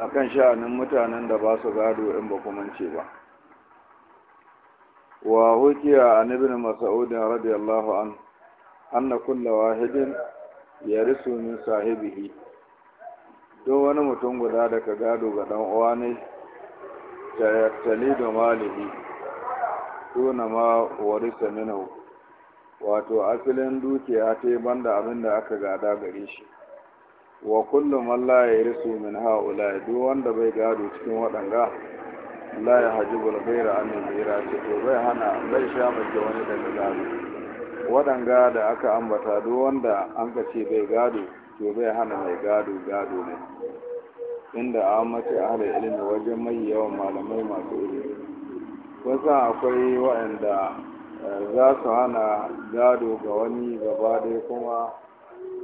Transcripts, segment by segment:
a kan sha'anin mutanen da ba su gado in ba kumance ba wa hukiya an ibn mas'ud radiyallahu an anna kulla wahidin risu min sahibihi don wani mutum guda da ka gado ga dan uwa ne da malihi duna ma warisa minhu wato asalin dukiya ta yi banda abin da aka gada gare shi wa kullum Allah ya risu min haula duk wanda bai gado cikin waɗanga la ya haji ghaira an yira ce to bai hana bai sha mace wani daga gado waɗanga da aka ambata duk wanda an ka ce bai gado to bai hana mai gado gado ne inda a mace hada ilimi wajen mai yawan malamai masu ilimi wasu akwai waɗanda za su hana gado ga wani gaba ɗaya kuma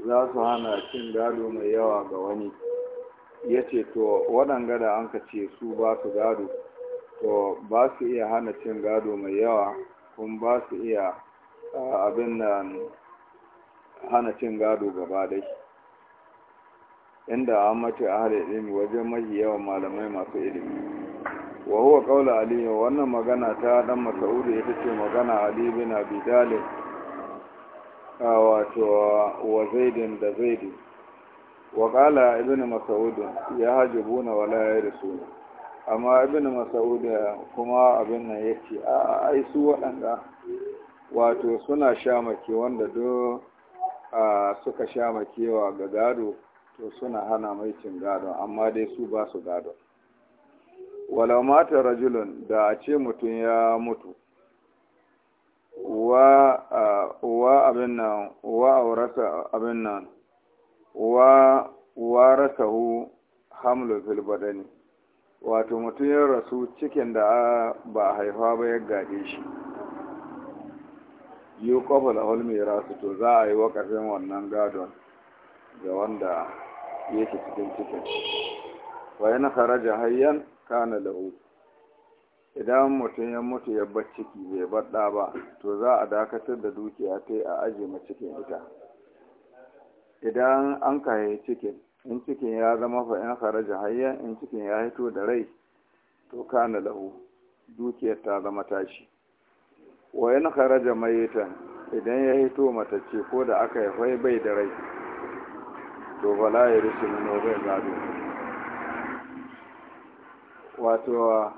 za su hana cin gado mai yawa ga wani ya ce to waɗanga da an ka ce su ba su gado to ba su iya hana cin gado mai yawa kuma ba su iya abin nan hana cin gado gaba ɗai inda an mace a ilimi wajen mai yawan malamai masu ilimi wa huwa qawlu ali wannan magana ta dan Masaudi ita ce magana ali bin abi talib wato wa zaid da zaidi wa qala ibn masaud ya hajibuna wala yarsuna amma ibn masaud kuma abin nan yace a ai su wadanda wato suna shamake wanda do suka shamakewa ga gado to suna hana mai cin gado amma dai su ba su gado wala rajulun da a ce mutum ya mutu wa abin nan wa aurasa abin nan wa wa rasahu hamlu fil badani wato mutum ya rasu cikin da ba haifa ba ya gaje shi yi kofa da holmi rasu to za a yi wakafin wannan gadon ga wanda yake cikin cikin wa yana haraja hayyan kana lahu idan mutum ya mutu ya bar ciki bai bar ɗa ba to za a dakatar da dukiya ta a aje ma cikin ita idan an kaye cikin in cikin ya zama fa in kharaja hayya in cikin ya hito da rai to kana lahu dukiyar ta zama tashi wa in kharaja mayitan idan ya hito matacce ko da aka yi bai da rai to bala ya rushe nobel gado wato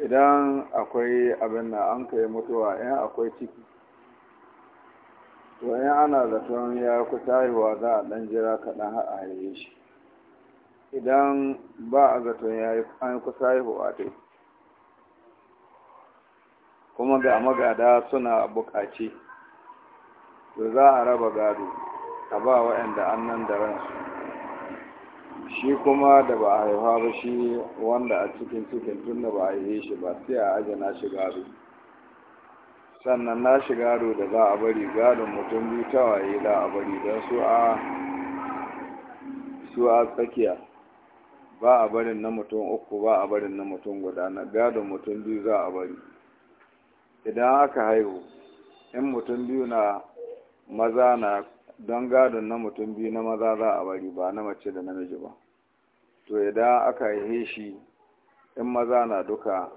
idan akwai abin na an kai mutuwa in akwai ciki to in ana zaton ya kusa haihuwa za a ɗan jira kaɗan a haihe shi idan ba a zaton ya an kusa haihuwa dai kuma ga magada suna buƙaci to za a raba gado a ba waɗanda annan da ransu shi kuma da ba a haifa ba shi wanda a cikin cikin tun da ba a haife shi ba sai a aje na shi gado sannan na shi gado da za a bari gadon mutum biyu tawaye za a bari don su a su a tsakiya ba a barin na mutum uku ba a barin na mutum guda na gadon mutum biyu za a bari idan aka haihu in mutum biyu na maza na don gadon na mutum biyu na maza za a bari ba na mace da namiji ba to idan aka yi shi in maza na duka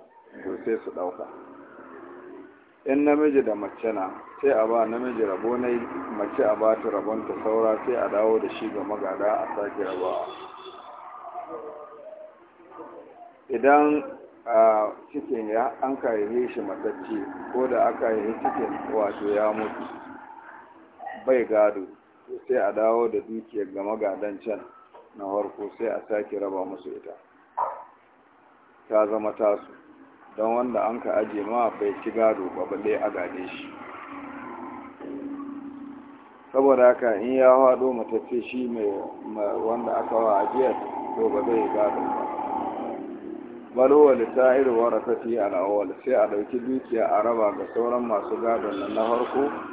to sai su ɗauka in namiji da mace na sai a ba namiji rabo mace a ba ta rabon ta saura sai a dawo da shi ga magada a sake rabawa idan a cikin an kayyaye shi matacce ko da aka yi cikin wato ya mutu bai gado sai a dawo da dukiyar ga magadan can na harko sai a sake raba musu ita ta zama tasu don wanda an ka aje ma bai ci gado ba a gade shi saboda haka in ya hado matacce shi mai wanda aka wa ajiyar to ba zai gado ba balowa da sa'iru wa rasati sai a ɗauki dukiya a raba ga sauran masu gadon nan na farko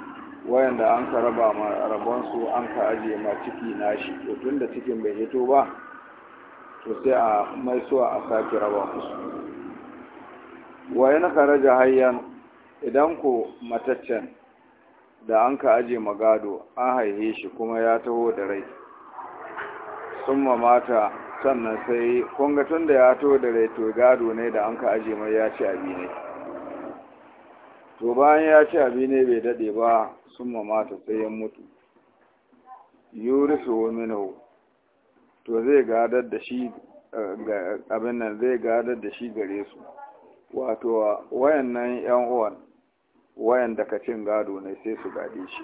wayanda an ka raba ma rabon su an ka ajiye ma ciki nashi to tun cikin bai hito ba to sai a mai suwa a sake raba musu wayan karaja hayyan idan ku mataccen da an ka aje gado an haihe shi kuma ya taho da rai sun mata sannan sai kunga tun da ya taho da rai to gado ne da an ka aje mai ya ci abi ne to bayan ya ci abi ne bai dade ba sun mamata sai ya mutu yurisu wa to zai gadar da shi eh, abin nan zai gadar da shi gare su wato wayannan yan uwan wayan da kacin gado ne sai su gade shi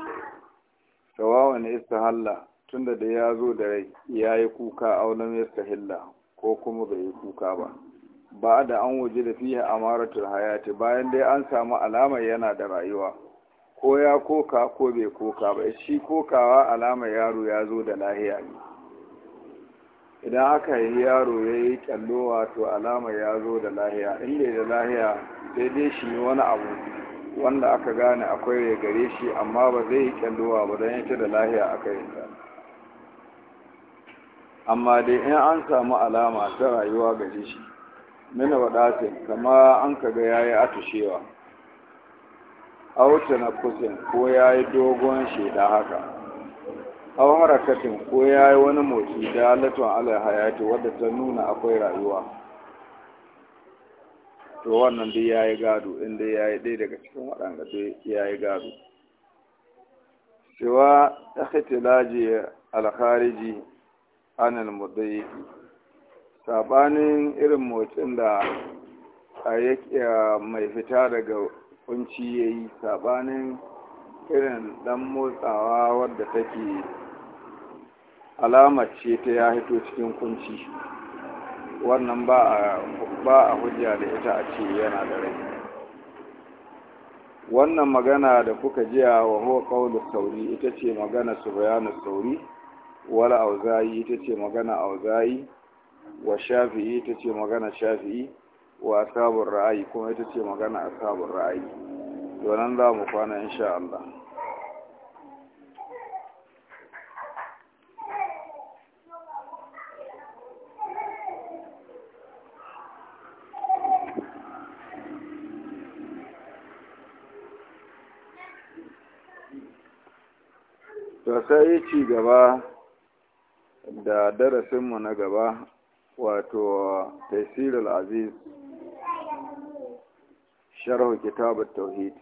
sawawan istahalla tunda da ya zo da rai ya yi kuka aulam istahilla ko kuma bai yi kuka ba ba da an waje da fiye amaratul hayati bayan dai an samu alama yana da rayuwa ko ya koka ko bai koka ba shi kokawa alama yaro ya zo da lahiya ne idan aka yi yaro ya yi kyallowa to alama ya zo da lahiya inda da lahiya sai dai shi wani abu wanda aka gane akwai ya gare shi amma ba zai yi kyallowa ba don yake da lahiya aka yi ta amma dai in an samu alama ta rayuwa gare shi mina wadatin kama an kaga ya yi atushewa auta na kusin ko ya yi dogon shaida haka au harakatin ko ya yi wani motsi dalatun alal hayati wadda ta nuna akwai rayuwa to wannan dai ya yi gado inda ya yi ɗaya daga cikin waɗanda dai ya yi gado cewa ya hitilaji alkhariji anil mudayiki sabanin irin motsin da yake mai fita daga kunci ya yi sabanin irin dan motsawa wadda take alamar ce ta ya hito cikin kunci wannan ba a hujja da ita a ce yana da rai wannan magana da kuka jiya wa huwa sauri ita ce magana su bayanin sauri wala auzayi ita ce magana auzayi wa shafi'i ita ce magana shafi'i wa sabon ra'ayi kuma ita ce magana sabon ra'ayi to nan za mu kwana insha Allah sai ci gaba da darasinmu na gaba wato taisirul aziz sharhu kitabar tauhid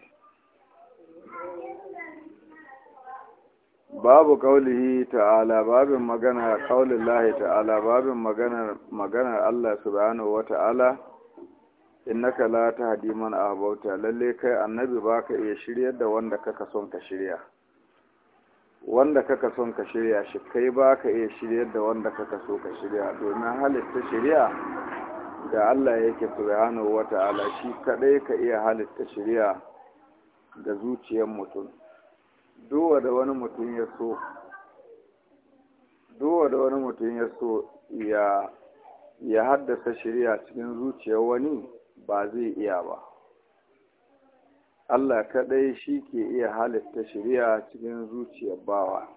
babu kaulihi ta'ala babin magana kaulin lahi ta'ala babin maganar maganar Allah subhanahu wa ta'ala innaka la tahdi man bauta lalle kai annabi baka iya shiryar da wanda kaka son ka shirya wanda kaka son ka shirya shi kai ba ka iya shirya da wanda kaka so ka shirya domin halitta shirya da Allah yake subhanahu wata'ala shi kadai ka iya halitta shirya da zuciyar mutum duwa da wani mutum ya so duwa da wani mutum ya so ya ya haddasa shirya cikin zuciyar wani ba zai iya ba Allah kaɗai shi ke iya halitta shari'a cikin zuciyar bawa.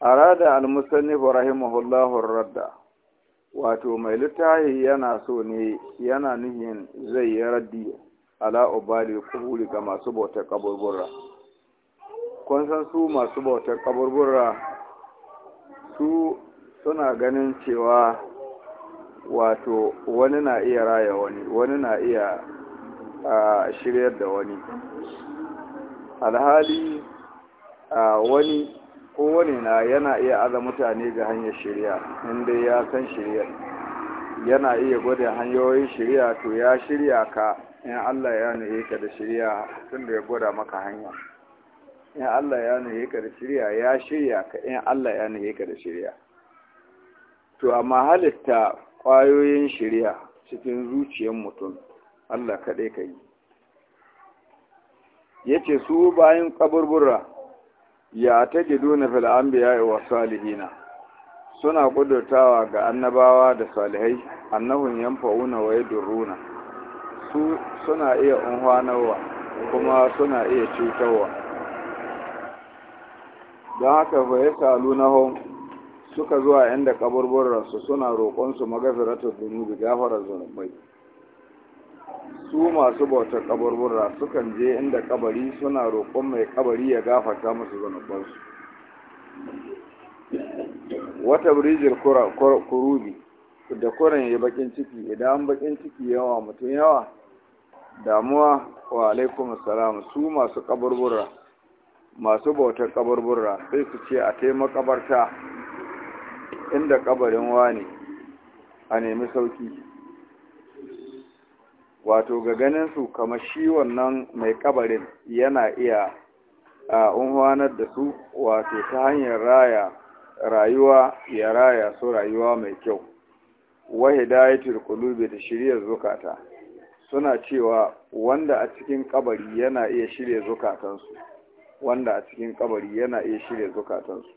Arada al-musannif rahimahullahu radda wato mai littahi yana so ne yana nuhin zai yi raddi ala ubali kuhuli ga masu bautar kaburbura. Kun san su masu bautar kaburbura su suna ganin cewa wato wani na iya raya wani wani na iya a shiryar da wani alhali a wani kowane na yana iya aza mutane ga hanyar shirya inda ya san shirya yana iya gwada hanyoyin shirya to ya shirya ka in allah ya nuhe ka da shirya tun da ya gwada maka hanya in allah ya nuhe ka da shirya ya shirya ka in allah ya nuhe ka da shirya to amma halitta kwayoyin shirya cikin zuciyar mutum Allah kaɗai ka yi ya ce su bayan ƙaburbura, ya ta gido na fil'ambiya wa salihina suna ƙudurtawa ga annabawa da salihai annahun yanfa'una wa runa. su suna iya unhwanarwa, kuma suna iya cutarwa don haka fa ya salu na suka zuwa inda su suna roƙonsu magafiratar zunubi gafarar zunubai su masu bautar kaburbura sukan je inda kabari suna roƙon mai kabari ya gafata musu zanubansu wata birijin kurubi da kuren ya bakin ciki idan bakin ciki yawa mutum yawa damuwa wa alaikum salam su masu kaburbura masu bautar kaburbura sai su ce a taimaka kabarta inda kabarin wani a nemi sauki wato ga ganin su kamar shi wannan mai kabarin yana iya a unhuwanar da su wato ta hanyar raya rayuwa ya raya su rayuwa mai kyau wa hidayatul qulubi da shirya zukata suna cewa wanda a cikin kabari yana iya shirya zukatansu wanda a cikin kabari yana iya shirya zukatansu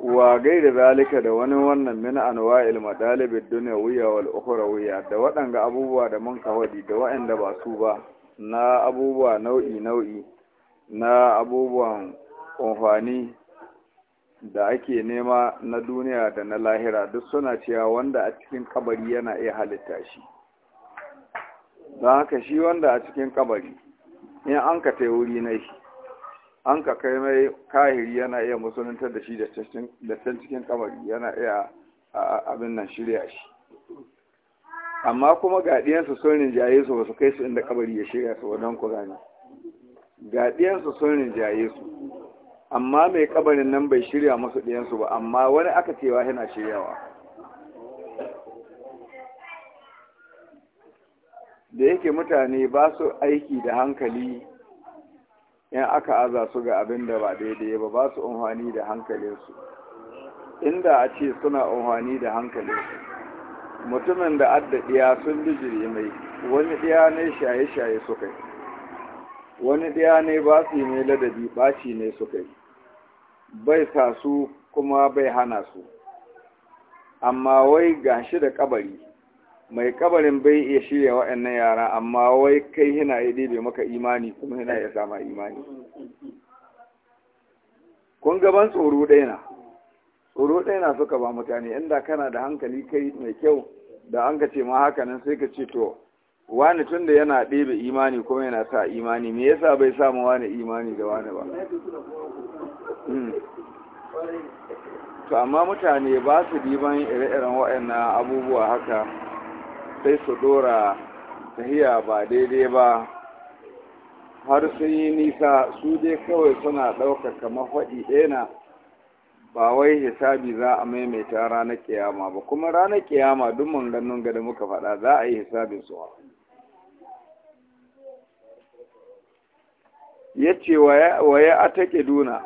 wa da zalika da wani wannan min anwa'il madalibid dunyawiyya wal wuya da waɗanga abubuwa da mun kawadi da waɗanda ba su ba na abubuwa nau'i nau'i na abubuwan amfani da ake nema na duniya da na lahira duk suna cewa wanda a cikin kabari yana iya halitta shi don haka shi wanda a cikin kabari in an ka ta wuri na shi an ka kai mai kahiri yana iya musuluntar da shi da can cikin kamari yana iya abin nan shirya shi amma kuma gaɗiyansu sun rinjaye su ba su kai su inda kabari ya shirya su wadon kurani gaɗiyansu sun rinjaye su amma mai kamarin nan bai shirya masu ɗiyansu ba amma wani aka cewa yana shiryawa da yake mutane ba su aiki da hankali in aka aza su ga abin da ba daidai ba ba su unhani da hankalinsu inda a ce suna unhani da hankalinsu mutumin da adda sun bijiri mai wani ɗiya ne shaye-shaye su kai. wani ɗiya ne ba su yi mai ladabi ɓaci ne su kai. bai sa su kuma bai hana su amma wai gashi da kabari mai kabarin bai iya shirya waɗannan yara amma wai kai yana ya ɗebe maka imani kuma yana ya sama imani kun gaban tsoro ɗaya na tsoro ɗaya na suka ba mutane inda kana da hankali kai mai kyau da an ka ce ma haka nan sai ka ce to wani tun da yana ɗebe imani kuma yana sa imani me yasa bai samu wani imani da wani ba hmm. to amma mutane ba su diban ire-iren waɗannan abubuwa haka sai su dora tahiya ba daidai ba har sun yi nisa su dai kawai suna ɗaukaka mafaɗi ɗaya na ba wai hisabi za a maimaita ranar kiyama ba kuma ranar kiyama duk mun ga da muka faɗa za a yi hisabin su ya ce waye a atake duna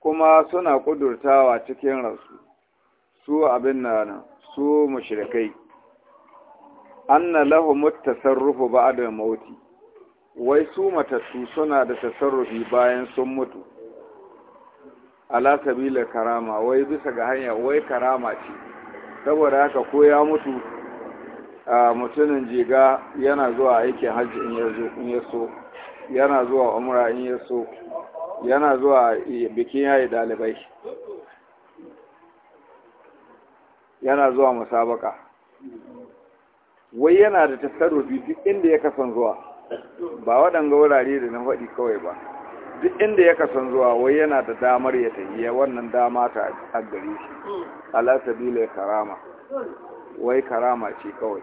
kuma suna ƙudurtawa cikin rasu, su abin nan su mushrikai anna lahu mutasarrufu ba'da mauti wai su matattu suna da tasarrufi bayan sun mutu ala sabila karama wai bisa ga hanya wai karama ce saboda haka ko ya mutu a mutumin jiga yana zuwa aikin hajji in ya so yana zuwa umra in ya so yana zuwa bikin yayi dalibai yana zuwa musabaka wai yana da tasarrufi duk inda ya kasan zuwa ba waɗanga wurare da na faɗi kawai ba duk inda ya kasan zuwa wai yana da damar ya tafiya wannan dama ta a gare shi alasabila karama wai karama ce kawai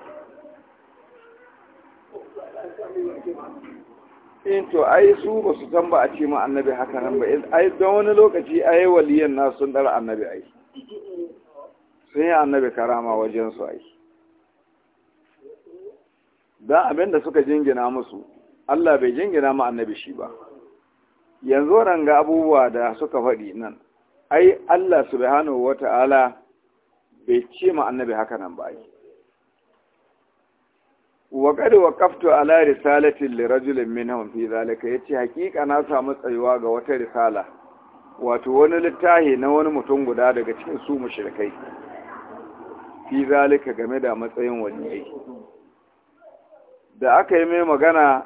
in eh, to ai su ba su tamba a ce ma annabi haka nan ba ai don wani lokaci ai waliyan na sun dar annabi ai sun yi annabi karama wajen su ai don abin da suka jingina musu Allah bai jingina ma annabi shi ba yanzu ga abubuwa da suka faɗi nan ai Allah subhanahu wata'ala bai ce ma annabi haka nan ba ai wa qad ala risalatin li rajulin minhum fi zalika yace hakika na samu tsayuwa ga wata risala wato wani littafi na wani mutum guda daga cikin su mushrikai fi zalika game da matsayin waliyai da aka yi mai magana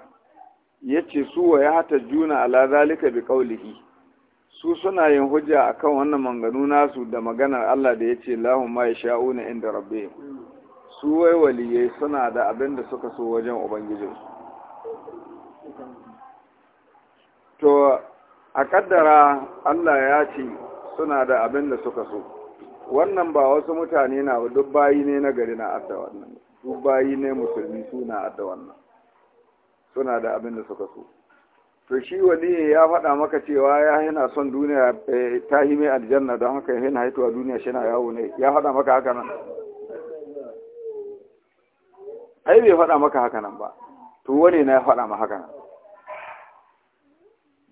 ya ce su wa ya hata juna ala zalika bi kaulihi su suna yin hujja akan wannan manganu nasu da maganar Allah da ya ce lahun ma ya sha'una inda rabbe su wai waliyai suna da abin da suka so wajen ubangijinsu to a kaddara Allah ya ce suna da abin da suka so wannan ba wasu mutane na duk bayi ne na gari na adda wannan su bayi ne musulmi suna da wannan suna da abin da suka so to shi wani ya faɗa maka cewa ya yana son duniya eh, ta yi mai aljanna don haka yana haituwa duniya shi na yawo ne ya faɗa maka haka nan ai bai faɗa maka haka nan ba to wani na ya faɗa ma haka nan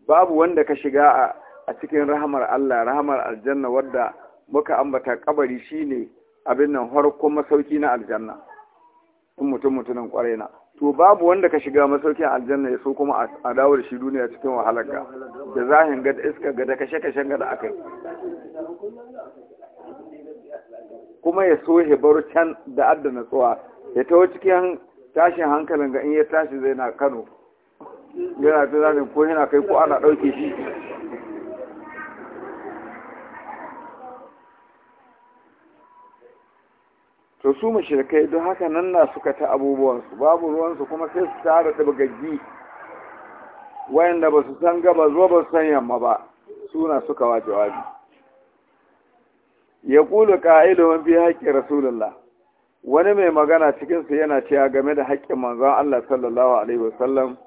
babu wanda ka shiga a cikin rahamar Allah rahamar aljanna wadda muka ambata kabari shine abin nan farkon masauki na aljanna in mutum mutumin kwarai na to babu wanda ka shiga masaukin aljanna ya so kuma a dawo da shi duniya cikin wahalar ga da zahin ga iska ga da kashe kashen ga da aka yi kuma ya so ya bar can da adda natsuwa ya taho cikin tashin hankalin ga in ya tashi zai na Kano yana ta zafin ko yana kai ko ana ɗauke shi to su mashirkai don haka nan na suka ta abubuwansu babu ruwansu kuma sai su tara ɗabgaggi wayanda ba su san gaba zuwa ba su san yamma ba suna suka wa jawabi ya kula ƙa'iluhun bi haƙƙin rasulullah wani mai magana cikinsu yana cewa game da haƙƙin manzon Allah sallallahu alaihi wasallam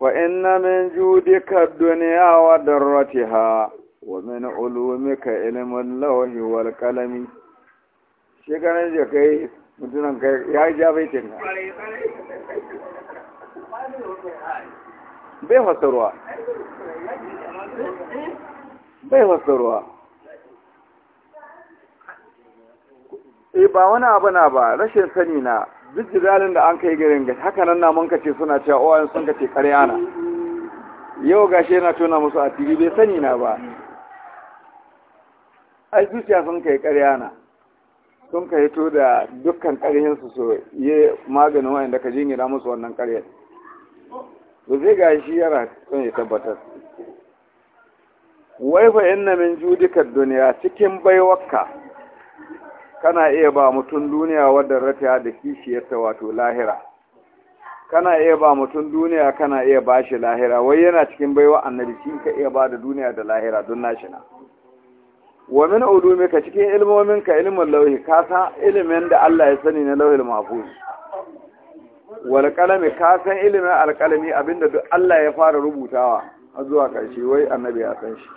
wa inna min judika dunya wa darratiha wa min ulumika ilmul lawhi wal qalami shekaran da kai mutunan kai ya ja baitin ka bai fasarwa bai fasarwa e eh, ba wani abu na ba rashin sani na duk jidalin da an kai garin gashi haka nan namun ka ce suna cewa owayen sun ka ce karya na yau gashi yana tona musu a tv bai sani na ba ai zuciya sun kai karya na sun ka hito da dukkan ƙarhinsu su yi maganin wa'anda ka jingina musu wannan ƙarhin ba zai ga shi yara sun yi tabbatar wai fa na min judikar duniya cikin baiwarka kana iya ba mutum duniya wadda rataya da kishiyarta wato lahira kana iya ba mutum duniya kana iya ba shi lahira wai yana cikin baiwa annabi shi ka iya ba da duniya da lahira don nashi wa min ulumika cikin ilmominka ilmin lauhi ka san ilimin da Allah ya sani na lauhil mahfuz wal qalami ka san ilimin alqalami abinda duk Allah ya fara rubutawa har zuwa karshe wai annabi ya san shi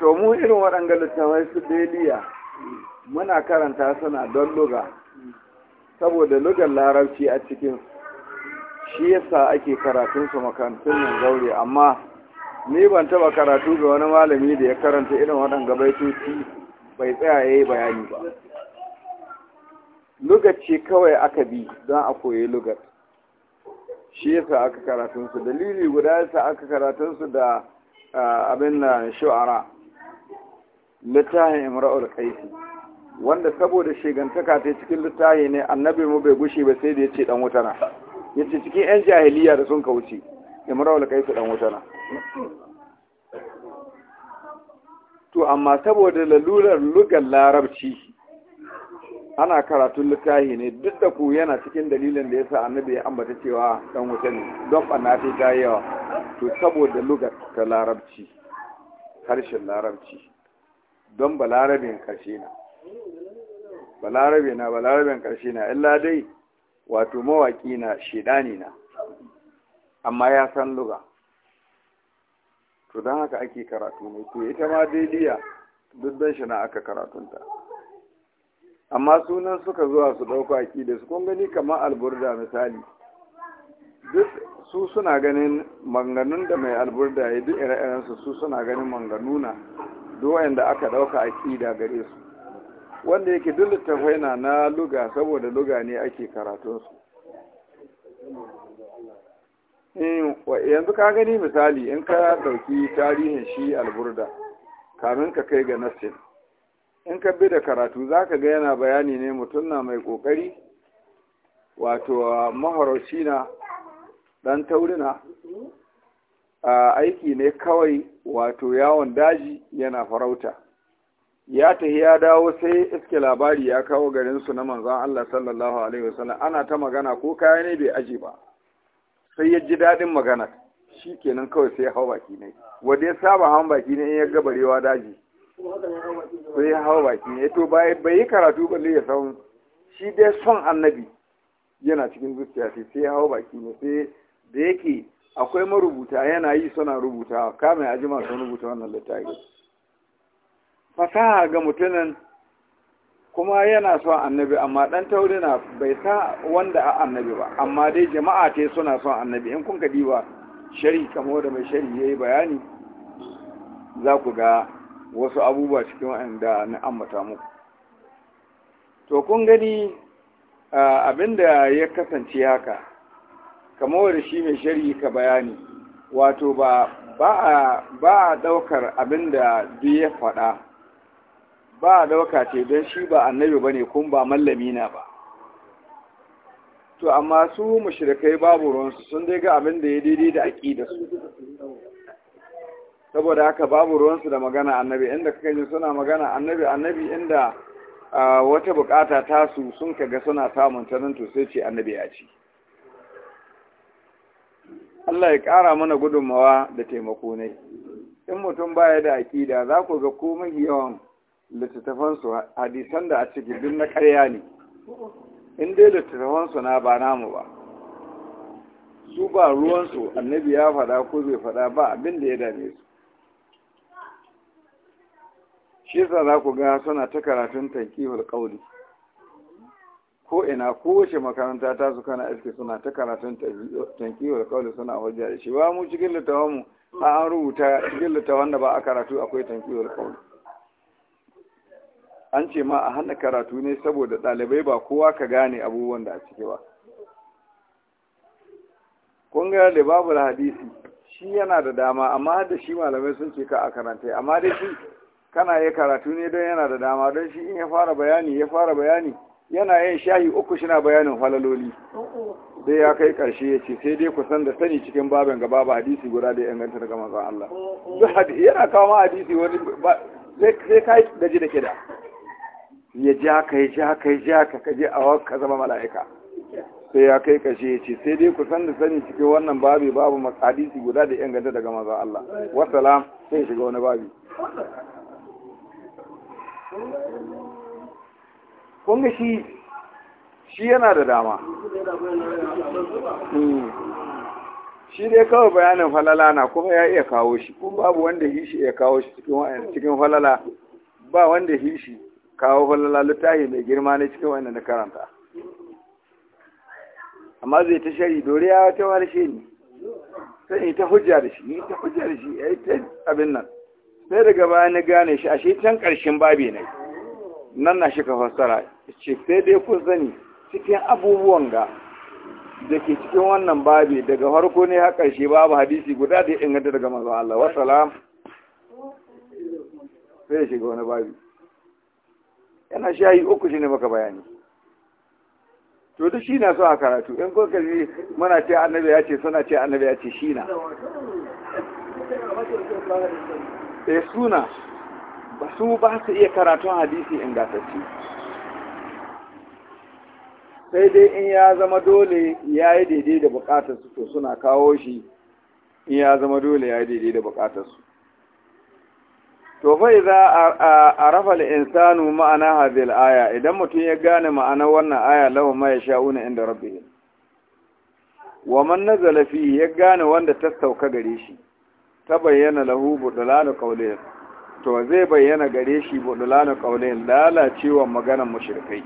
to mu irin waɗanga littafai su beliya muna karanta suna don luga saboda lugar larabci a cikinsu shi yasa ake karatun su makarantun nan gauri amma ni ban taba karatu ga wani malami da ya karanta irin waɗanga baitoci bai tsaya ya yi bayani ba lugat ce kawai aka bi don a koyi lugat shi yasa aka karatun su dalili guda yasa aka karatun su da abin na shu'ara littafin imra'ul kaisi wanda saboda shigantaka ta cikin littafi ne annabi mu bai gushe ba sai da ya ce dan wuta na yace cikin yan jahiliya da sun kauce imra'ul qais dan wutana to amma saboda lalurar lugar larabci ana karatun littafi ne duk da ku yana cikin dalilin da yasa annabi ya ambata cewa dan wuta ne don banna ta ta yawa to saboda lugar ta larabci harshen larabci don balarabin karshe na balarabe na balarabin karshe na illa dai wato mawaƙi na shidani na amma ya san luga to don haka ake karatu ne to ita ma daidiya duk don shi na aka karatunta amma sunan suka zuwa su ɗauka ƙida su kun gani kamar alburda misali duk su suna ganin manganun da mai alburda ya duk ire-irensu su suna ganin manganuna duk da aka ɗauka ƙida gare su wanda yake duk littafai na na luga saboda luga ne ake karatunsu eh, yanzu ka gani misali in ka ɗauki tarihin shi alburda kamin ka kai ga nassin in ka bi da karatu za ka ga yana bayani ne mutum na mai ƙoƙari wato maharauci na ɗan taurina aiki ne kawai wato yawon daji yana farauta ya tafi ya dawo sai iske labari ya kawo garin su na manzan Allah sallallahu Alaihi wasallam ana ta magana ko kaya ne bai aji ba sai ya ji dadin magana shi kawai sai ya hau baki ne wanda ya saba hawan baki ne in ya ga barewa daji sai ya hau baki ne to bai yi karatu balle ya samu shi dai son annabi yana cikin zuciya sai sai ya hau baki ne sai da yake akwai marubuta yana yi suna rubuta kame ajima sun rubuta wannan littafi fasaha ga mutumin kuma yana son annabi amma dan taurina bai sa wanda a annabi ba amma dai jama'a ta suna son annabi in kun kadi ba shari kamar da mai shari yayi bayani za ku ga wasu abubuwa cikin wanda na ambata muku to kun gani abinda ya kasance haka kamar da shi mai shari ka bayani wato ba ba a daukar abinda duk ya faɗa ba a dauka ce don shi ba annabi ba ne kun ba mallami na ba to amma su mashirkai babu ruwansu sun dai ga abin da ya daidai da aƙida su saboda haka babu ruwansu da magana annabi inda kaka yi, suna magana annabi annabi inda wata bukata tasu sun kaga suna samun tanin to sai ce annabi ya ci Allah ya ƙara mana gudunmawa da taimako ne in mutum baya da aƙida za ku ga komai yawan littattafansu hadisan da a ciki duk na ƙarya ne in dai littattafansu na ba namu ba su ba ruwansu annabi ya faɗa ko zai faɗa ba abin da ya dame su shi yasa za ku ga suna ta karatun tankihul ƙauli ko ina kowace makaranta ta su kana iske suna ta karatun tankihul ƙauli suna hujja da shi ba mu cikin littafanmu a an rubuta cikin littattafan da ba a karatu akwai tankihul ƙauli an ce ma a hana karatu ne saboda ɗalibai ba kowa ka gane abubuwan da a ciki ba kun ga libabul hadisi shi yana da dama amma da shi malamai sun ce ka a karanta amma dai shi kana yi karatu ne don yana da dama don shi in ya fara bayani ya fara bayani yana yin shahi uku shina bayanin falaloli dai ya kai karshe ya ce sai dai ku san da sani cikin babin gaba ba hadisi guda da inganta daga manzon Allah yana kawo ma hadisi wani sai kai daji da kida ya ja ka ya ja ka ya ja ka kaje a ka zama mala'ika sai ya kai kashe ya ce sai dai ku san da sani cikin wannan babi babu masadisi guda da inganta daga maza Allah wassalam sai shiga wani babi kun ga shi shi yana da dama hmm. shi dai kawai bayanin falala na kuma ya iya kawo shi kuma babu wanda hishi ya kawo shi cikin falala ba wanda hishi kawo falala littafi mai girma ne cikin wannan da karanta amma zai ta shari dore ya wata wani shi ne sai ta hujja da shi ta hujja da shi ai ta abin nan sai daga baya na gane shi ashe can karshen babi ne nan na shi ka fassara ce sai dai kun sani cikin abubuwan ga da ke cikin wannan babi daga farko ne har karshe babu hadisi guda da ya inganta daga manzon Allah salam. sai shiga wani babi yana shayi uku shi ne maka bayani to duk shi na so a karatu in kun kaji muna ce annabi ya ce suna ce annabi ya ce shi na E eh, suna ba su ba su iya karatun hadisi in ingantacce sai dai in ya zama dole ya yi daidai da bukatarsu to suna kawo shi in ya zama dole ya yi daidai da bukatarsu to fa idza arafa al-insanu ma'ana hadhihi al-aya idan mutum ya gane ma'anar wannan aya lahu ma yasha'una inda rabbih wa man nazala fi ya gane wanda ta sauka gare shi ta bayyana lahu budlalu qawlihi to zai bayyana gare shi budlalu qawlihi lalacewa maganar mushrikai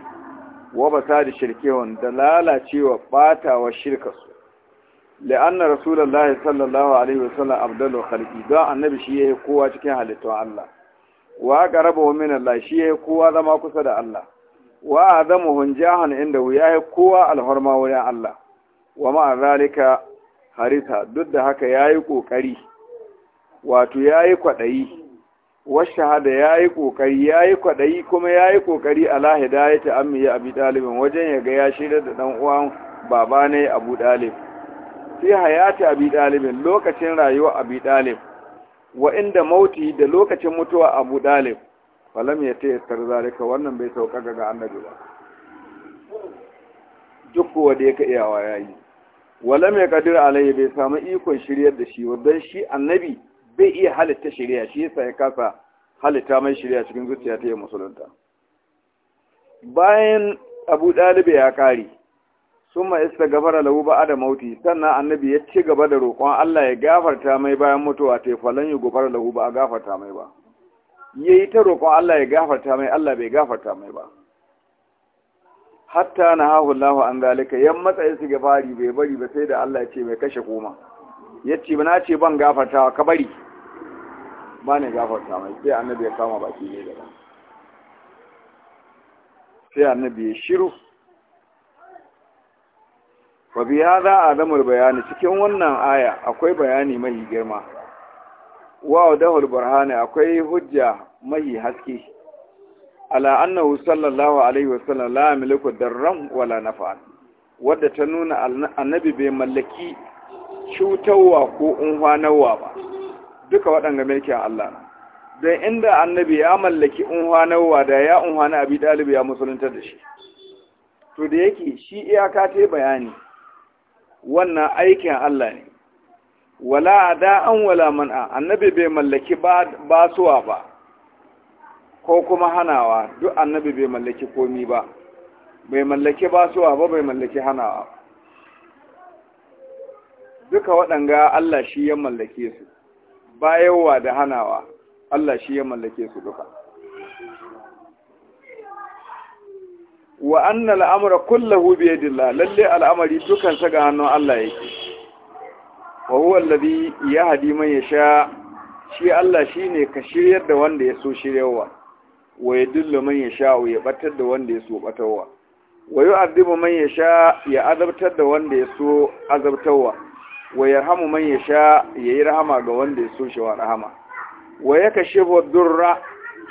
wa basadi shirkihun da lalacewa batawa shirkasu da an na rasulun sallallahu alaihi wasallam abdullu kharki don annabi shi ya yi kowa cikin halittun allah wa aka raba wa min ya yi kowa zama kusa da allah wa a zama hunjahan inda wuya ya yi kowa alhorma wurin allah wa ma'an ralika duk da haka ya yi kokari wato ya yi kwaɗayi wasu hada ya yi kokari ya kwaɗayi kuma ya yi kokari a lahi da ya ta ammiya abi ɗalibin wajen ya gaya ya da ɗan uwan baba ne abu ɗalibin fi hayati abi dalibin lokacin rayuwa abi dalib wa inda mauti da lokacin mutuwa abu dalib falam ya ta yaskar zalika wannan bai sauƙaƙa ga annabi ba duk kowa da ka iyawa yayi walam ya kadir alai bai samu ikon shiryar da shi wa? dan shi annabi bai iya halitta shari'a shi yasa ya kasa halitta mai shirya cikin zuciya ta yi musulunta bayan abu ɗalibi ya kare sun ma ista gabara lahu ba da mauti sannan annabi ya ci gaba da roƙon Allah ya gafarta mai bayan mutuwa ta falan yi gobara lahu ba a gafarta mai ba ya yi ta roƙon Allah ya gafarta mai Allah bai gafarta mai ba hatta na hahu Allah an zalika yan matsayi su gafari bai bari ba sai da Allah ya ce mai kashe koma ya ce na ce ban gafarta ka bari ba ne gafarta mai sai annabi ya kama baki ne da sai annabi ya shiru fa za a adamul bayani cikin wannan aya akwai bayani mai girma wa wadahul burhani akwai hujja mai haske ala annahu sallallahu alaihi wa sallam, la yamliku darran wala naf'an wadda ta nuna annabi bai mallaki cutarwa ko unhwanarwa ba duka waɗanga mulkin Allah don inda annabi ya mallaki unhwanarwa da ya unhwana abi dalibi ya musulunta da shi to da yake shi iyaka ta bayani wannan aikin Allah ne wala da an wala man'a annabi bai mallaki basuwa ba ko kuma hanawa duk annabi bai mallaki komi ba bai mallaki basuwa ba bai mallaki hanawa duka waɗanga Allah shi ya mallake su bayowa da hanawa Allah shi ya mallake su duka wa annal amra kullahu bi yadillah lalle al'amari dukan sa ga hannun Allah yake wa huwa alladhi yahdi man yasha shi Allah shine ka shiryar da wanda ya so shiryawa wa yadullu man yasha ya batar da wanda ya so batarwa wa yu'adhibu man yasha ya azabtar da wanda ya so azabtarwa wa yarhamu man yasha yi rahama ga wanda ya so shi wa rahama wa yakashifu durra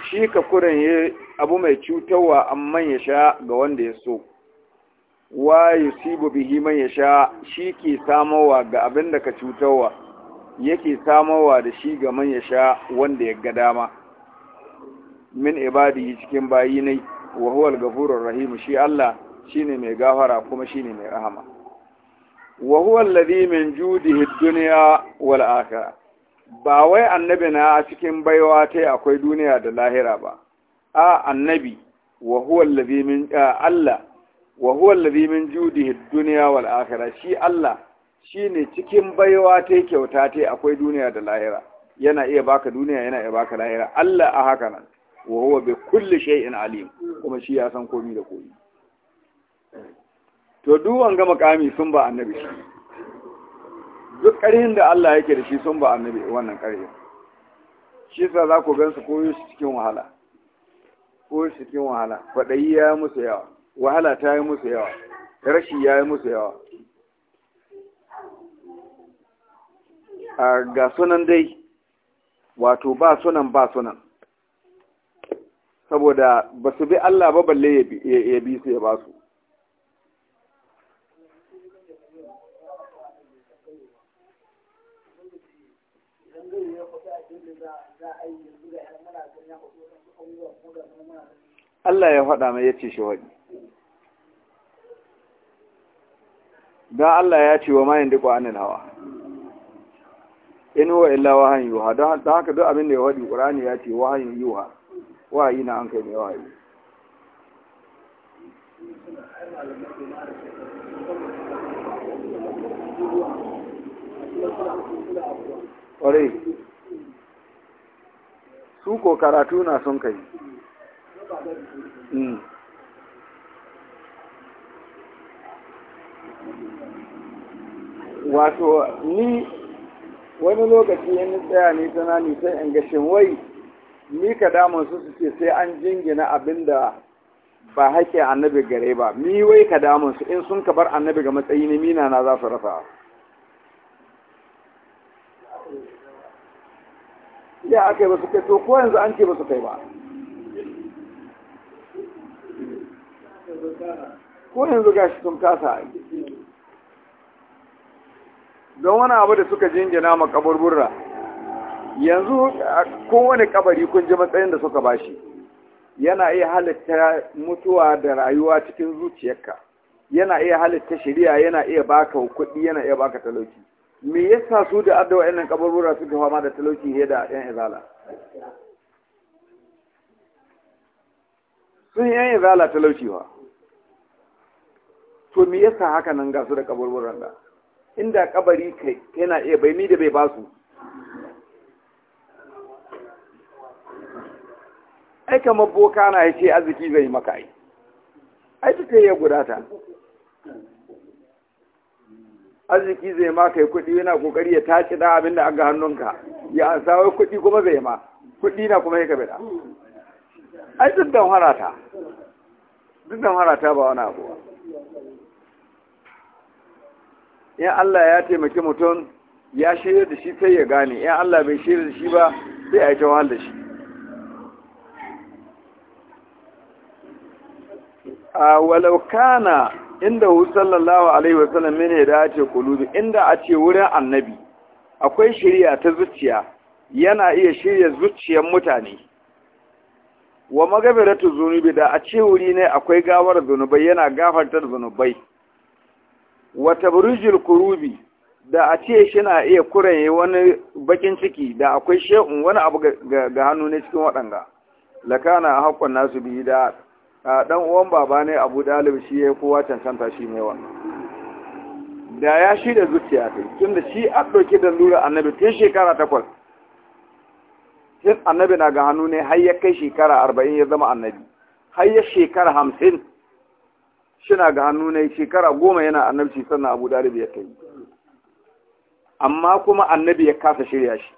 shi ka kuren ya abu mai cutarwa amma ya sha ga wanda ya so wa sibo bihi man ya sha shi ke samowa ga abin da ka cutarwa yake samowa da shi ga man ya sha wanda ya ga dama min yi cikin bayi ne wa huwa al rahim shi Allah shine mai gafara kuma shine mai rahama wa huwa alladhi min judihi ad-dunya wal ba wai annabi na a cikin baiwa ta akwai duniya da lahira ba a annabi wa huwa allazi min Allah wa huwa allazi min judihi dunya wal shi Allah shine cikin baiwa ta kyauta ta akwai duniya da lahira yana iya baka duniya yana iya baka lahira Allah a haka nan wa huwa bi kulli shay'in alim kuma shi ya san komai da komai to duk wanga makami sun ba annabi shi duk ƙarhin da Allah yake da shi sun ba annabi wannan ƙarhin shi sa za ku gan su koyo shi cikin wahala koyo shi cikin wahala faɗayi ya yi musu yawa wahala ta yi musu yawa rashi ya yi musu yawa a ga sunan dai wato ba sunan ba sunan saboda ba su bi Allah ba balle ya bi su ya ba su Allah ya faɗa mai ya ce shi waɗi. Don Allah ya ce wa mayan duk wa'anin hawa. In wa illa wahan yuha, don haka duk abin da ya waɗi ƙurani ya ce wahan yuha, wahayi na an kai mai wahayi. Ƙwarai. su ko karatu na sun kai mm. wato ni wani lokaci yin tsaya ni tunani sai in gashin wai ni ka damun su ce sai an jingina abin da ba hake annabi gare ba mi wai ka damun su in sun ka bar annabi ga matsayi ne mina na za su rasa ce aka yi ba su kai to ko yanzu an ce ba su kai ba ko yanzu gashi sun kasa a don wani abu da suka jingina ma yanzu kowane kabari kun ji matsayin da suka bashi yana iya halitta mutuwa da rayuwa cikin zuciyarka yana iya halitta shari'a yana iya baka kuɗi yana iya baka talauci me yasa su da adda wa'annan kaburbura suka fama da talauci he da yan izala sun yan izala talauci ba to me yasa haka nan ga su da kaburburan da inda kabari kai yana iya bai ni da bai basu ai kamar boka na ya ce arziki zai maka ai ai ta ya gudata arziki zai ma kai kuɗi yana kokari ya tace da abin da an ga hannunka ya ansa wai kuɗi kuma zai ma kuɗi na kuma yake bida ai duk da harata duk da harata ba wani abu in Allah ya taimaki mutum ya shirya da shi sai ya gane ya Allah bai shirya da shi ba sai a yi ta wahal shi a walau inda hu sallallahu alaihi wasallam mene da ce kulubi inda a ce wurin annabi akwai shirya ta zuciya yana iya shirya zuciyar mutane wa magabiratu zunubi da a ce wuri ne akwai gawar zunubai yana gafartar zunubai wa tabrijul kurubi da a ce shi na iya kuraye wani bakin ciki da akwai she'un wani abu ga hannu ne cikin waɗanga lakana haƙon nasu biyu da dan uwan baba ne abu dalib shi ya kowa cancanta shi ne wa da ya shi da zuciya kai tunda shi a ɗauki da lura annabi tun shekara takwas tun annabi na ga hannu ne har ya kai shekara arba'in ya zama annabi har ya shekara hamsin na ga hannu ne shekara goma yana annabci sannan abu dalib ya kai amma kuma annabi ya kasa shirya shi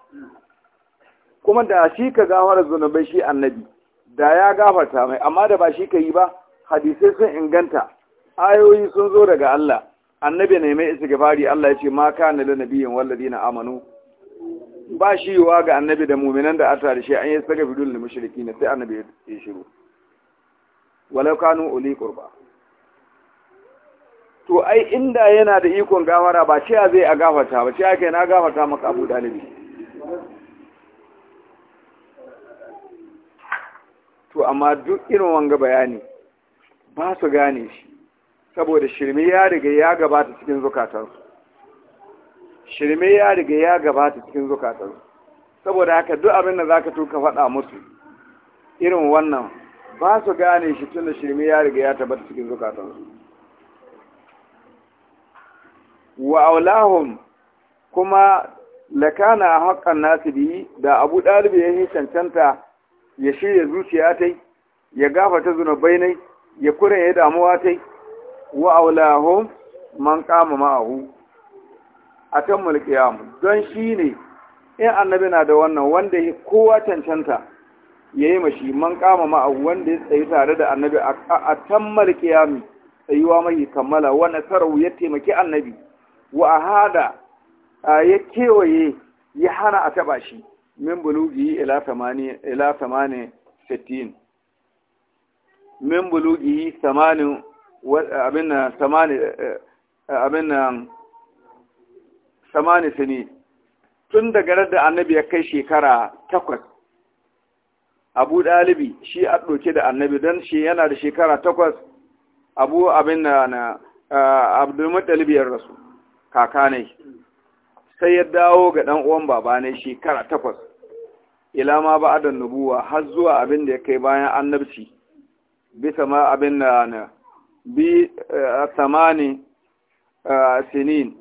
kuma da shi ka gawar zunubai shi annabi da ya gafarta mai amma da ba shi ka yi ba hadisai sun inganta ayoyi sun zo daga Allah annabi ne mai istighfari Allah ya ce ma kana lin nabiyyin na amanu ba shi yiwa ga annabi da muminan da ata da shi an yi sagafidul lil mushrikin sai annabi ya shiru walau kanu uli qurba to ai inda yana da ikon gafara ba ce zai a gafarta ba ce ake na gafarta maka Abu Dalibi to amma duk irin wanga bayani ba su gane shi saboda shirme ya riga ya gabata cikin zukatansu shirme ya riga ya gabata cikin zukatansu saboda haka duk abin da za ka tuka faɗa musu irin wannan ba su gane shi tun da shirme ya riga ya tabbata cikin zukatansu wa aulahum kuma lakana haƙƙan nasibi da abu ɗalibi ya yi cancanta ya shirya zuciya ta ya gafata zunubai ne ya kure ya damuwa ta wa aulahum man qama ma'ahu akan mulkiyam don shine in annabi na da wannan wanda kowa cancanta yayi mashi man qama ma'ahu wanda ya tsayi tare da annabi a tammal qiyami tsayuwa mai kammala wa nasaru ya taimaki annabi wa hada ya kewaye ya hana a taba shi من bulugi ila samani ila samani ستين من bulugi samanin و... nan samani eh, abin nan سنين tun da garar da annabi ya kai shekara takwas abu dalibi shi a ɗauke da annabi don shi yana da shekara takwas abu abin na eh, abdulmuttalib ya rasu kaka ne sai ya dawo ga ɗan uwan baba ne shekara takwas ila ma ba nubuwa har zuwa abin da ya kai bayan annabci bisa ma abin da na bi eh, samani eh, sinin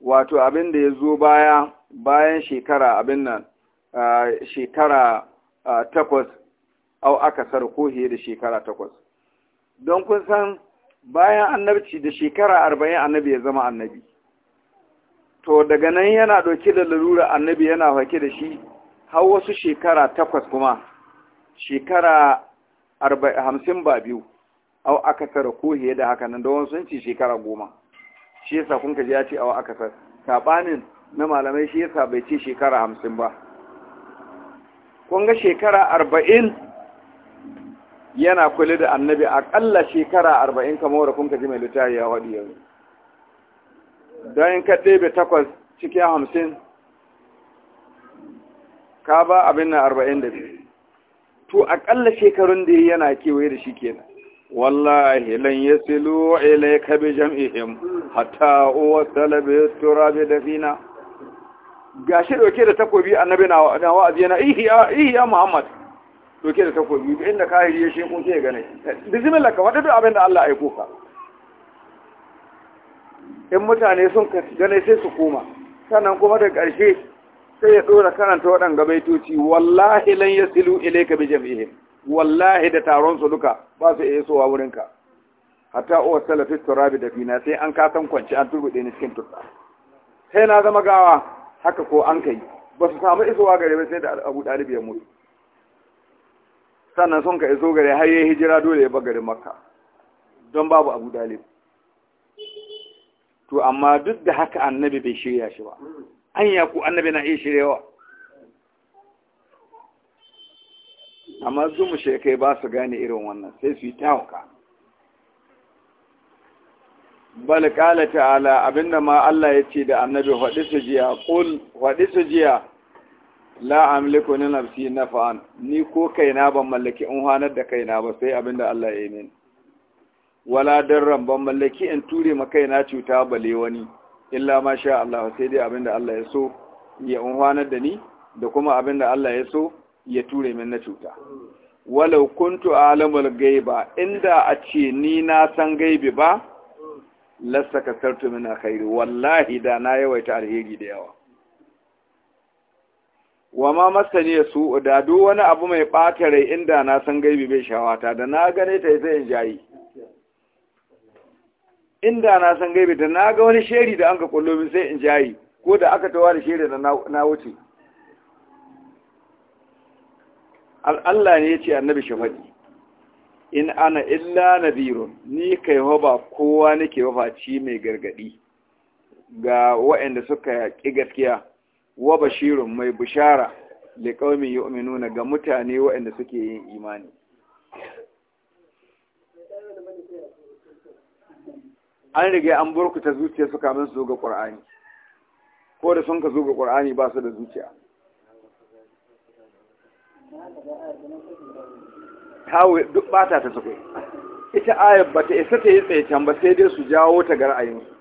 wato abin da ya zo baya bayan shekara abin nan eh, shekara takwas au akasar ko hiye da shekara takwas don kun san bayan annabci da shekara arba'in annabi ya zama annabi to daga nan yana ɗauke da lalura annabi yana fake da shi har wasu shekara takwas kuma shekara hamsin ba biyu au aka tsara ko hiyar da haka nan da wani sun ce shekara goma shi yasa kun kaji ji ya ce au aka tsara saɓanin na malamai shi yasa bai ce shekara hamsin ba kun ga shekara arba'in yana kula da annabi aƙalla shekara arba'in kamar wadda kun kaji ji mai littafi ya waɗi yanzu don in ka ɗebe takwas cikin hamsin ka ba abin na arba'in da biyu to aƙalla shekarun da yana kewaye da shi nan wallahi lan ila ya kabe jam'ihim hatta uwasala bi turabi dafina shi doke da takobi annabi na wa'azi yana "Ihi, ya muhammad doke da takobi inda kahiri ya shekun sai gane zimila ka wada abin da Allah ya aiko ka in mutane sun gane sai su koma sannan kuma da ƙarshe sai ya ɗora karanta waɗanga baitoci wallahi lan yasilu ilayka bi jam'ihim wallahi da taron su duka ba su iya sowa wurinka hatta uwa salafi turabi da fina sai an ka san kwanci an ɗaya ni cikin turba sai na zama gawa haka ko an kai ba su samu isowa gare ba sai da abu ɗalib ya mutu sannan sun ka iso gare har yi hijira dole ya bar garin makka don babu abu ɗalib to amma duk da haka annabi bai shirya shi ba an ya ku annabi na iya shiryawa amma zumu shekai ba su gane irin wannan sai su yi tawaka bal kala ta'ala abinda ma Allah ya ce da annabi faɗi su jiya ƙul faɗi su la amliku ni nafsi nafa'an ni ko kaina ban mallaki in hanar da kaina ba sai abinda Allah ya yi mini wala darran ramban, mallaki in ture ma kaina cuta bale wani illa ma sha Allah sai dai abinda Allah ya so ya unhwanar da ni da kuma abinda Allah ya so ya ture min na cuta walau kuntu alamul gaiba inda a ce ni na san gaibi ba ka kasartu min alkhairi wallahi da na yawaita alheri da yawa wa ma masani su da duk wani abu mai ɓata rai inda na san gaibi bai shawata da na gane ta sai in jayi inda na san gaibe da na ga wani sheri da an ka kullo min sai in jayi ko da aka tawa da sheri da na wuce Allah ne ya ce annabi shi in ana illa biro, ni kai ba kowa nake mafaci mai gargadi ga wa'anda suka yaƙi gaskiya wa bashirun mai bishara liƙaumin yu'minuna ga mutane wa'anda suke yin imani an riga an burkuta zuciya su kamin su ga ƙur'ani ko da sun ka zo ga ƙur'ani ba su da zuciya tawo duk bata ta sakwai ita ayar ba ta isa ta yi tsaye can ba sai dai su jawo ta ga ayinsu.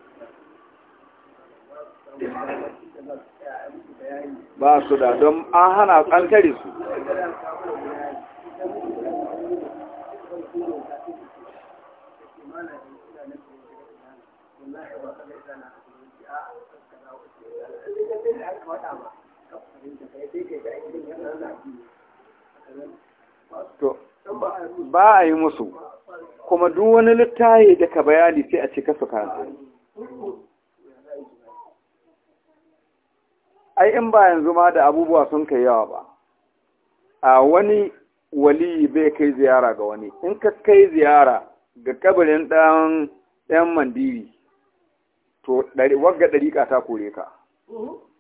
ba su da don an hana kankare su ba a yi musu kuma duk wani littaye da ka bayani sai a cika su kansu ai in ba yanzu ma da abubuwa sun kai yawa ba a wani wali bai kai ziyara ga wani in ka kai ziyara ga kabarin ɗan mandiri to wagga ɗariƙa ta kore ka mhm.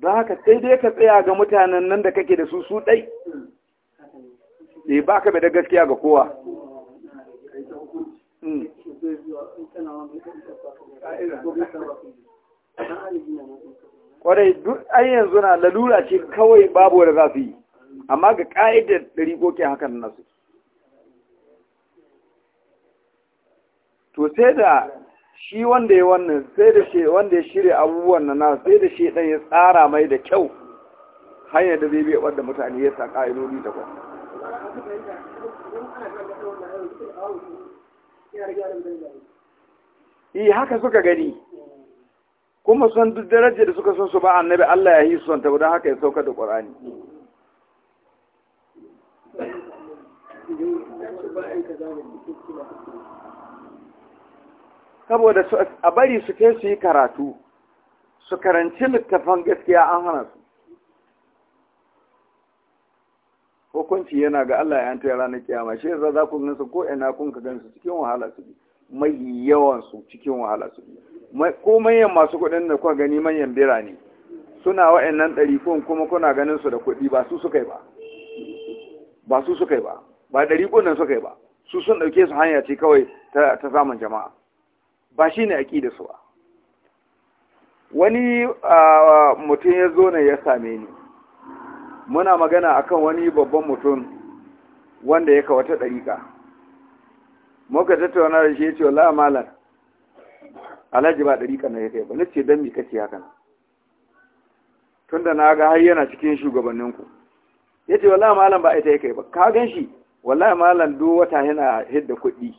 don haka sai dai ka tsaya ga mutanen nan da kake da su su ɗai da eh, ba ka da gaskiya ga kowa hmm. kwarai duk an yanzu na lalura ce kawai babu wadda za su yi amma ga ƙa'idar ke hakan nasu to sai da shi wanda ya wannan sai da shi wanda ya shirya abubuwan nan sai da shi dan ya tsara mai da kyau hanyar da zai bi da mutane ya sa ka'idodi da kwa yi eh, haka suka gani kuma son duk darajar da suka son su ba annabi Allah ya yi son ta don haka ya sauka da Qur'ani saboda a bari su ke su yi karatu su karanci littafan gaskiya an hana su hukunci yana ga Allah ya tara ranar kiyama shi yasa za ku su ko ina kun ka gansu cikin wahala su bi mai yawan su cikin wahala su bi ko manyan masu kuɗin da kuka gani manyan birane suna wa'annan ɗari kuma kuna ganin su da kuɗi ba su suka yi ba ba su suka yi ba ba ɗari nan suka yi ba su sun ɗauke su hanya ce kawai ta samun jama'a ba shi ne aƙida su ba wani mutum ya zo ne ya same ni muna magana akan wani babban mutum wanda ya kawata ɗariƙa muka tattauna da shi ya ce wala malar alhaji ba ɗariƙa na ya kai ba ce don mika kace hakan tunda na ga har yana cikin shugabanninku ya ce wala malam ba ita ya kai ba ka gan shi wala malam duk wata yana hidda kuɗi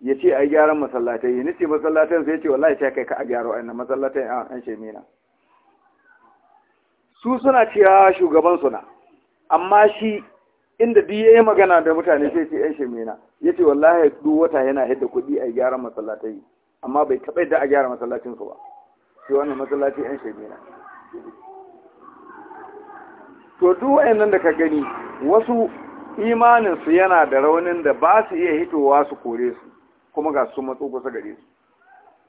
ya ce a yi gyaran masallatai ya nufi masallatai sai ya ce wallahi sai kai ka a gyaro a masallatai a an sheme su suna cewa shugaban suna amma shi inda duk yi magana da mutane sai ce yan sheme Ya ce wallahi duk wata yana hidda kuɗi a yi gyaran masallatai amma bai taɓa yadda a gyara masallacin su ba sai wannan masallaci yan sheme na to duk wayannan da ka gani wasu imaninsu yana da raunin da ba su iya hitowa su kore su kuma ga su matso kusa gare su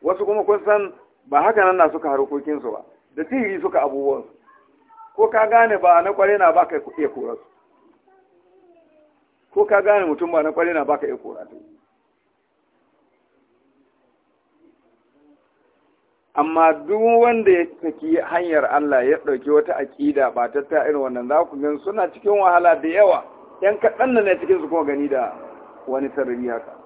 wasu kuma kun san ba haka nan na suka harkokinsu ba da tiri suka su ko ka gane ba na kware na baka iya kora su ko ka gane mutum ba na kware na baka iya kora su amma duk wanda ya saki hanyar Allah ya ɗauki wata aƙida ba ta ta irin wannan za ku gan suna cikin wahala da yawa ‘yan kaɗan na cikin su kuma gani da wani sarari haka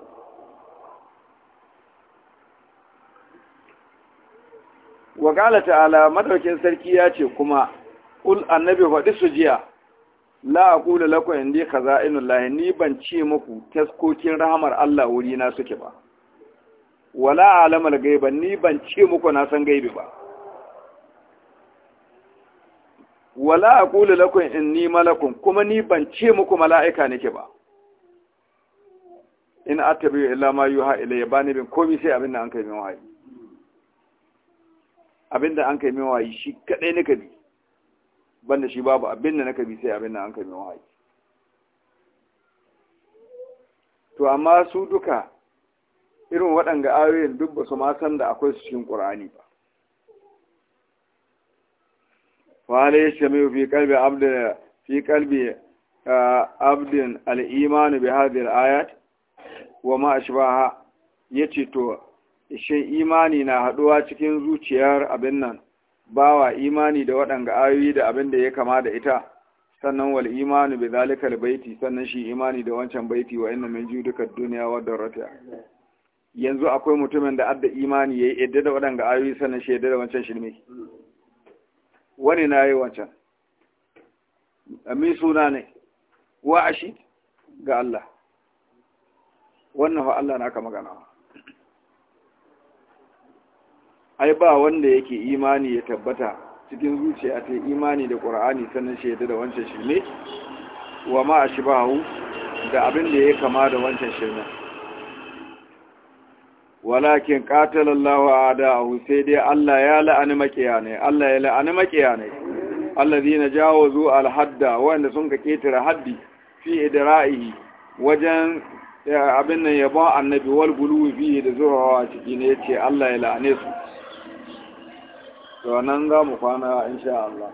wa ƙala ta'ala madaukin sarki ya ce kuma ƙul annabi faɗi su jiya la a ƙula lakon indi ka lahi ni ban ce muku taskokin rahamar Allah wuri na suke ba wala alamar gaiba ni ban ce muku na san gaibi ba wala a ƙula lakon inni malakun kuma ni ban ce muku mala'ika nake ba in attabi illa ma yuha ilayya bani bin komai sai abin da an kai min wahayi Abin da an kai min wahayi shi kadai naka bi banda shi babu abin da naka bi sai abin da an kai min wahayi to amma su duka irin waɗanga ayoyin duk ba su ma san da akwai su cikin ƙur'ani ba fa'ala yashmi fi qalbi abd fi qalbi abdin al-iman bi hadhihi al-ayat wa ma ashbaha yace to ishe imani na haduwa cikin zuciyar abin nan bawa imani da waɗanga ayoyi da abin da ya kama da ita sannan wal imani bi zalika baiti sannan shi imani da wancan baiti wa inna min judika dunya wa darrata yanzu akwai mutumin da adda imani yayi yadda da waɗanga ayoyi sannan shi yadda da wancan shirme wani na yi wancan ami suna ne wa ashi ga Allah wannan fa Allah na ka magana ai ba wanda yake imani ya tabbata cikin zuciya ta imani da qur'ani sannan shi yadda da wancan shirme wa ma ashbahu da abin da ya kama da wancan shirme walakin qatalallahu a'da'ahu sai dai Allah ya la'ani makiyane Allah ya la'ani makiyane alladhina jawazu al-hadda wanda sun ka ketira haddi fi idra'ihi wajen eh, abin nan yabo annabi wal guluwi da zuwa ciki ne yace Allah ya la'ane su to nan za mu kwana insha Allah